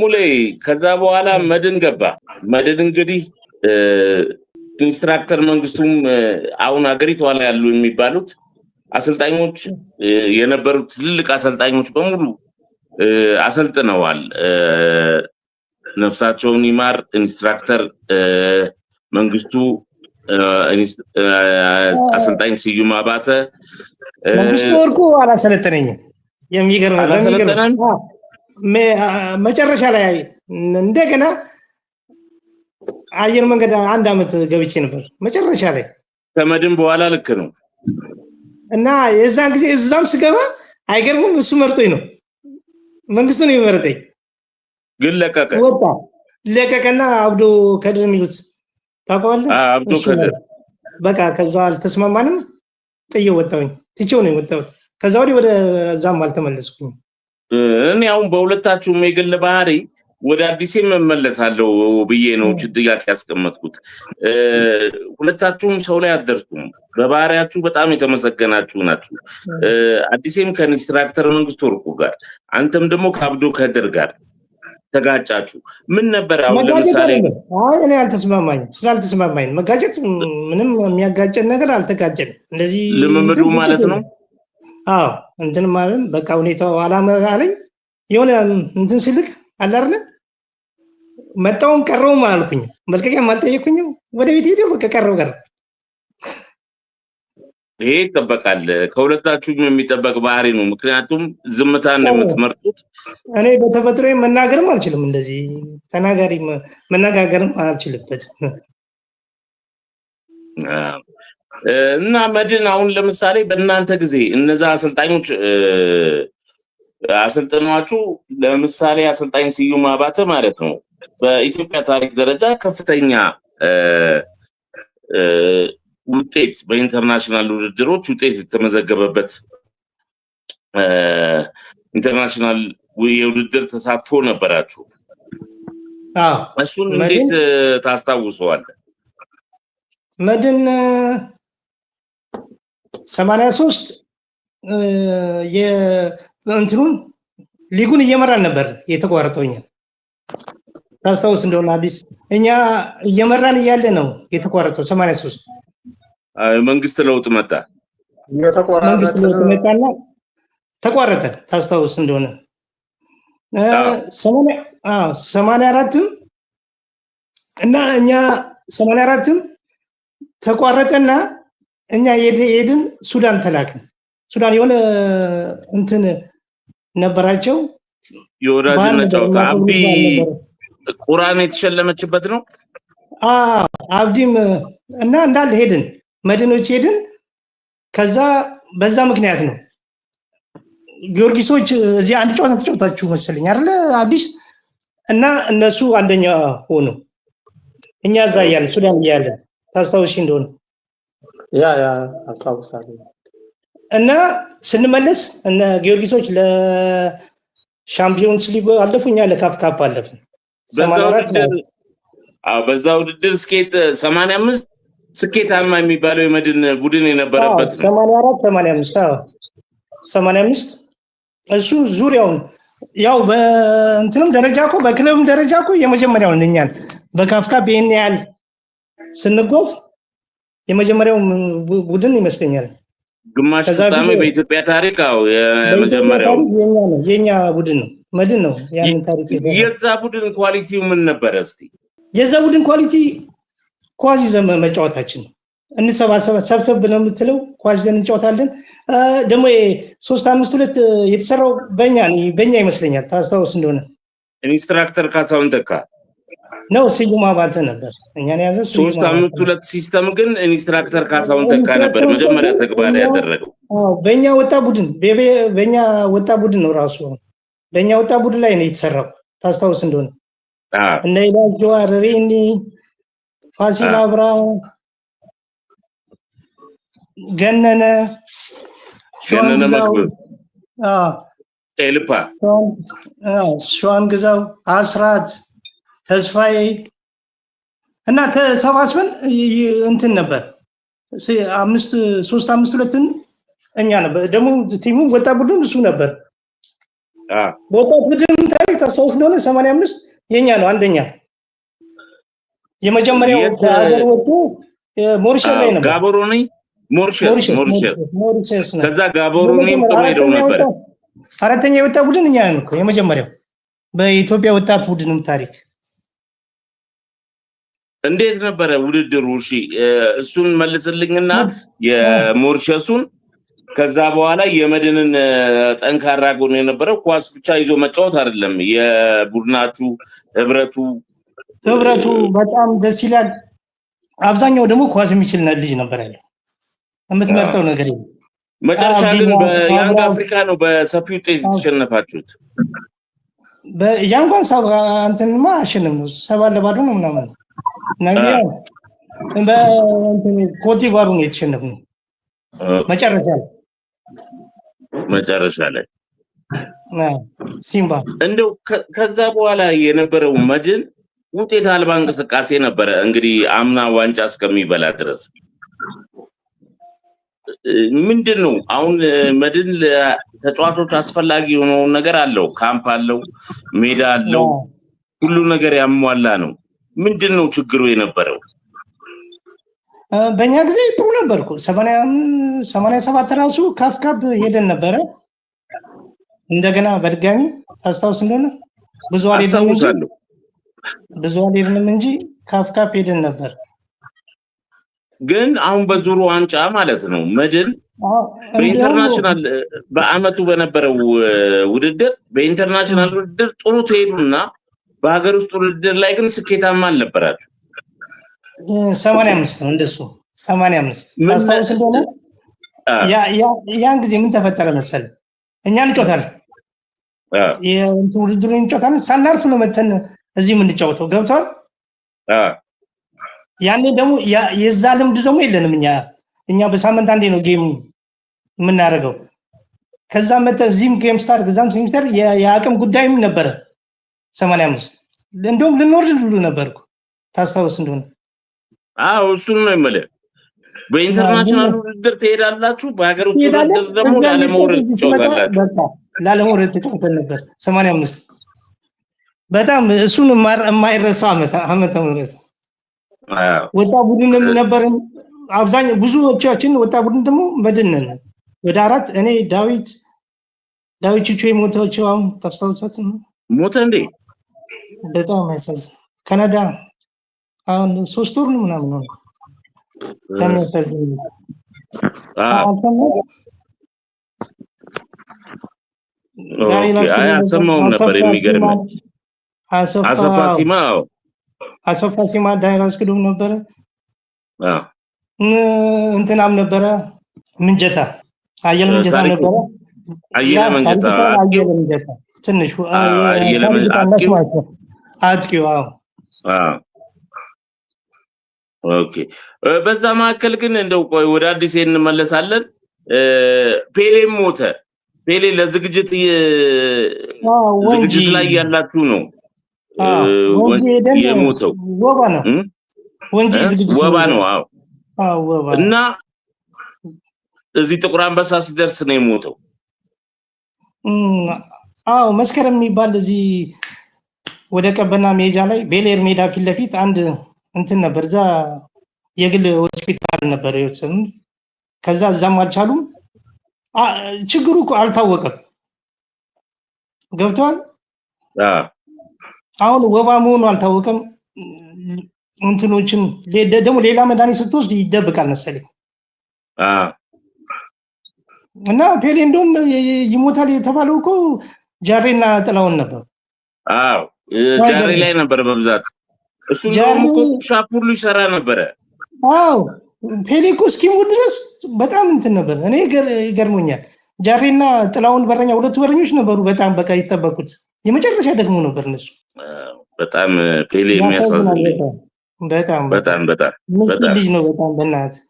ሙሌ ከዛ በኋላ መድን ገባ። መድን እንግዲህ ኢንስትራክተር መንግስቱም አሁን ሀገሪቷ ላይ ያሉ የሚባሉት አሰልጣኞች የነበሩት ትልልቅ አሰልጣኞች በሙሉ አሰልጥነዋል። ነፍሳቸውን ይማር ኢንስትራክተር መንግስቱ፣ አሰልጣኝ ስዩም አባተ መንግስቱ ወርቁ አላሰለጠነኝም። የሚገርም መጨረሻ ላይ እንደገና አየር መንገድ አንድ አመት ገብቼ ነበር። መጨረሻ ላይ ከመድን በኋላ ልክ ነው። እና የዛን ጊዜ እዛም ስገባ አይገርምም፣ እሱ መርጦኝ ነው መንግስቱ ነው የመረጠኝ። ግን ለቀቀ ወጣ ለቀቀና አብዶ ከድር የሚሉት ታውቀዋለህ? አብዶ ከድር በቃ ከዛ አልተስማማንም። ጥዬው ወጣሁኝ። ትቼው ነው የወጣሁት። ከዛ ወዲህ ወደ ዛም አልተመለስኩም። እኔ አሁን በሁለታችሁም የግል ባህሪ ወደ አዲስ የመመለሳለው ብዬ ነው ጥያቄ ያስቀመጥኩት። ሁለታችሁም ሰው ላይ አደርሱም። በባህሪያችሁ በጣም የተመሰገናችሁ ናችሁ። አዲሴም ከኢንስትራክተር መንግስት ወርቁ ጋር፣ አንተም ደግሞ ከአብዶ ከድር ጋር ተጋጫችሁ። ምን ነበር አሁን ለምሳሌ? እኔ አልተስማማኝ ስላልተስማማኝ መጋጨት ምንም የሚያጋጨን ነገር አልተጋጨን። እንደዚህ ልምምዱ ማለት ነው አዎ እንትን ማለት በቃ ሁኔታው አላመራለኝ የሆነ እንትን ስልክ አላርለ መጣውም ቀረውም አላልኩኝ መልቀቂያ አልጠየኩኝም ወደ ቤት ሄደው በቃ ቀረው ቀረ ይሄ ይጠበቃል ከሁለታችሁም የሚጠበቅ ባህሪ ነው ምክንያቱም ዝምታ ነው የምትመርጡት እኔ በተፈጥሮ መናገርም አልችልም እንደዚህ ተናጋሪ መነጋገርም አልችልበትም እና መድን አሁን ለምሳሌ በእናንተ ጊዜ እነዛ አሰልጣኞች አሰልጥኗችሁ ለምሳሌ አሰልጣኝ ስዩም አባተ ማለት ነው በኢትዮጵያ ታሪክ ደረጃ ከፍተኛ ውጤት በኢንተርናሽናል ውድድሮች ውጤት የተመዘገበበት ኢንተርናሽናል የውድድር ተሳትፎ ነበራችሁ። እሱን እንዴት ታስታውሰዋለህ? መድን ሰማንያ ሶስት ሊጉን እየመራን ነበር የተቋረጠውኛል ታስታውስ እንደሆነ አዲስ እኛ እየመራን እያለ ነው የተቋረጠው። ሰማንያ ሶስት መንግስት ለውጥ መጣ፣ መንግስት ለውጥ መጣና ተቋረጠ። ታስታውስ እንደሆነ ሰማንያ አራትም እና እኛ ሰማንያ አራትም ተቋረጠና እኛ የሄድን ሱዳን ተላክን። ሱዳን የሆነ እንትን ነበራቸው። የወዳጅነት ቁራን የተሸለመችበት ነው። አብዲም እና እንዳለ ሄድን፣ መድኖች ሄድን። ከዛ በዛ ምክንያት ነው ጊዮርጊሶች እዚህ አንድ ጨዋታ ተጫወታችሁ መሰለኝ አይደለ አዲስ እና እነሱ አንደኛ ሆኑ፣ እኛ እዛ እያለ ሱዳን እያለ ታስታውሺ እንደሆነ እና ስንመለስ እነ ጊዮርጊሶች ለሻምፒዮንስ ሊግ አለፉ፣ እኛ ለካፍ ካፕ አለፍን። በዛ ውድድር ስኬት ሰማንያ አምስት ስኬታማ የሚባለው የመድን ቡድን የነበረበት ሰማንያ አራት ሰማንያ አምስት ሰማንያ አምስት እሱ ዙሪያውን ያው በእንትንም ደረጃ እኮ በክለብም ደረጃ እኮ የመጀመሪያውን እኛን በካፍካ ካፕ ያህል ስንጓዝ የመጀመሪያው ቡድን ይመስለኛል። ግማሽ ፍጻሜ በኢትዮጵያ ታሪክ ው የመጀመሪያው የኛ ቡድን ነው፣ መድን ነው። ያንን ታሪክ የዛ ቡድን ኳሊቲ ምን ነበረ? እስቲ የዛ ቡድን ኳሊቲ ኳስ ይዘን መጫወታችን ነው። ሰብሰብ ብለን የምትለው ኳስ ይዘን እንጫወታለን። ደግሞ ሶስት አምስት ሁለት የተሰራው በኛ በኛ ይመስለኛል። ታስታውስ እንደሆነ ኢንስትራክተር ካሳሁን ተካ ነው ሲግማ አባተ ነበር እኛን ያዘ። ሶስት አመት ሁለት ሲስተም ግን ኢንስትራክተር ካሳሁን ተካ ነበር መጀመሪያ ተግባር ያደረገው። በእኛ ወጣ ቡድን በእኛ ወጣ ቡድን ነው ራሱ በእኛ ወጣ ቡድን ላይ ነው የተሰራው። ታስታውስ እንደሆነ እነ ኢላጆ አረሬኒ፣ ፋሲል አብራ፣ ገነነ ሸዋንግዛው ኤልፓ፣ ሸዋንግዛው አስራት ተስፋዬ እና ተሰባስበን እንትን ነበር አምስት ሶስት አምስት ሁለትን እኛ ነበር ደግሞ ቲሙ ወጣት ቡድን እሱ ነበር። በወጣት ቡድን ታሪክ ተስፋ ውስጥ እንደሆነ ሰማንያ አምስት የኛ ነው አንደኛ የመጀመሪያው ሀገር ሞሪሸስ ላይ ነበር። ጋቦሮኒ ሞሪሸስ ሞሪሸስ ከዛ ጋቦሮኒም ሄደው ነበር። አራተኛ የወጣት ቡድን እኛ ነን እኮ የመጀመሪያው በኢትዮጵያ ወጣት ቡድንም ታሪክ እንዴት ነበረ ውድድሩ? እሺ እሱን መልስልኝና የሞርሸሱን ከዛ በኋላ የመድንን ጠንካራ ጎን የነበረው ኳስ ብቻ ይዞ መጫወት አይደለም። የቡድናችሁ ህብረቱ ህብረቱ በጣም ደስ ይላል። አብዛኛው ደግሞ ኳስ የሚችል ልጅ ነበር ያለው። የምትመርጠው ነገር የለም። መጨረሻ ግን በያንግ አፍሪካ ነው በሰፊ ውጤት የተሸነፋችሁት። ያንጓን አሸንም ነው ሰባ ለባዶ ነው ምናምን ኮትዲቯር ነው የተሸነፍነው መጨረሻ መጨረሻ ላይ ሲምባ እንደው ከዛ በኋላ የነበረው መድን ውጤት አልባ እንቅስቃሴ ነበረ። እንግዲህ አምና ዋንጫ እስከሚበላ ድረስ ምንድን ነው አሁን መድን ተጫዋቾች አስፈላጊ የሆነውን ነገር አለው። ካምፕ አለው፣ ሜዳ አለው፣ ሁሉ ነገር ያሟላ ነው። ምንድን ነው ችግሩ የነበረው? በእኛ ጊዜ ጥሩ ነበር እኮ ሰማንያ ሰባት ራሱ ካፍካብ ሄደን ነበረ። እንደገና በድጋሚ ታስታውስ እንደሆነ ብዙ አልሄድንም ብዙ አልሄድንም እንጂ ካፍካፕ ሄደን ነበር። ግን አሁን በዙሩ ዋንጫ ማለት ነው መድን በኢንተርናሽናል በአመቱ በነበረው ውድድር በኢንተርናሽናል ውድድር ጥሩ ትሄዱና በሀገር ውስጥ ውድድር ላይ ግን ስኬታማ አልነበራችሁ። ሰማንያ አምስት ነው እንደሱ ሰማንያ አምስት ታስታውስ እንደሆነ ያን ጊዜ ምን ተፈጠረ መሰል እኛ እንጮታል ውድድሩ እንጮታል ሳናርፍ ነው መተን እዚህ የምንጫወተው ገብተዋል። ያኔ ደግሞ የዛ ልምድ ደግሞ የለንም እኛ እኛ በሳምንት አንዴ ነው ጌም የምናደርገው። ከዛም መተ እዚህም ጌም ስታር ከዛም ሴሚስተር የአቅም ጉዳይም ነበረ ሰማንያ አምስት እንዲሁም ልንወርድ ሁሉ ነበርኩ ታስታውስ እንደሆነ አዎ እሱን ነው የምልህ በኢንተርናሽናል ውድድር ትሄዳላችሁ በሀገር ውስጥ ውድድር ደግሞ ላለመውረድ ትጫወታላችሁ ላለመውረድ ተጫውተን ነበር ሰማንያ አምስት በጣም እሱን የማይረሳው አመተ ምህረት ወጣ ቡድን ነበርን አብዛኛው ብዙዎቻችን ወጣ ቡድን ደግሞ መድንን ወደ አራት እኔ ዳዊት ዳዊት ቹቹ ሞታቸው አሁን ታስታውሳት ሞተ እንዴ በጣም ያሳዝን። ካናዳ አሁን ሶስት ወር ነው ምናምን ነው ከሚያሳዝን አልሰማሁም ነበር። የሚገርም አሰፋ አሰፋ ሲማ ዳይራስ ክዱም ነበረ እንትናም ነበረ ምንጀታ አየለ ምንጀታ ነበረ አየለ ምንጀታ አየለ ምንጀታ ትንሽ አየለ ምንጀታ አጥቂው ኦኬ። በዛ መካከል ግን እንደው ቆይ ወደ አዲስ እንመለሳለን። ፔሌም ሞተ። ፔሌ ለዝግጅት ዝግጅት ላይ ያላችሁ ነው የሞተው ወባ ነው ወንጂ ዝግጅት ወባ ነው። አዎ ወባ እና እዚህ ጥቁር አንበሳ ሲደርስ ነው የሞተው። አዎ መስከረም የሚባል እዚህ ወደ ቀበና መሄጃ ላይ ቤሌር ሜዳ ፊት ለፊት አንድ እንትን ነበር። እዛ የግል ሆስፒታል ነበር ከዛ እዛም አልቻሉም። ችግሩ አልታወቀም። ገብቷል። አሁን ወባ መሆኑ አልታወቀም። እንትኖችን ደግሞ ሌላ መድኃኒት ስትወስድ ይደብቃል መሰለኝ እና ፔሌ እንደውም ይሞታል የተባለው እኮ ጃሬና ጥላውን ነበር። ጃሪ ላይ ነበረ በብዛት እሱ ሻፕ ሁሉ ይሰራ ነበረ። አዎ ፔሌ እኮ እስኪሞት ድረስ በጣም እንትን ነበር። እኔ ይገርሞኛል። ጃፌና ጥላውን በረኛ ሁለቱ በረኞች ነበሩ። በጣም በቃ ይጠበቁት የመጨረሻ ደግሞ ነበር እነሱ በጣም ፔሌ የሚያሳዝን በጣም በጣም በጣም ልጅ ነው በጣም በእናትህ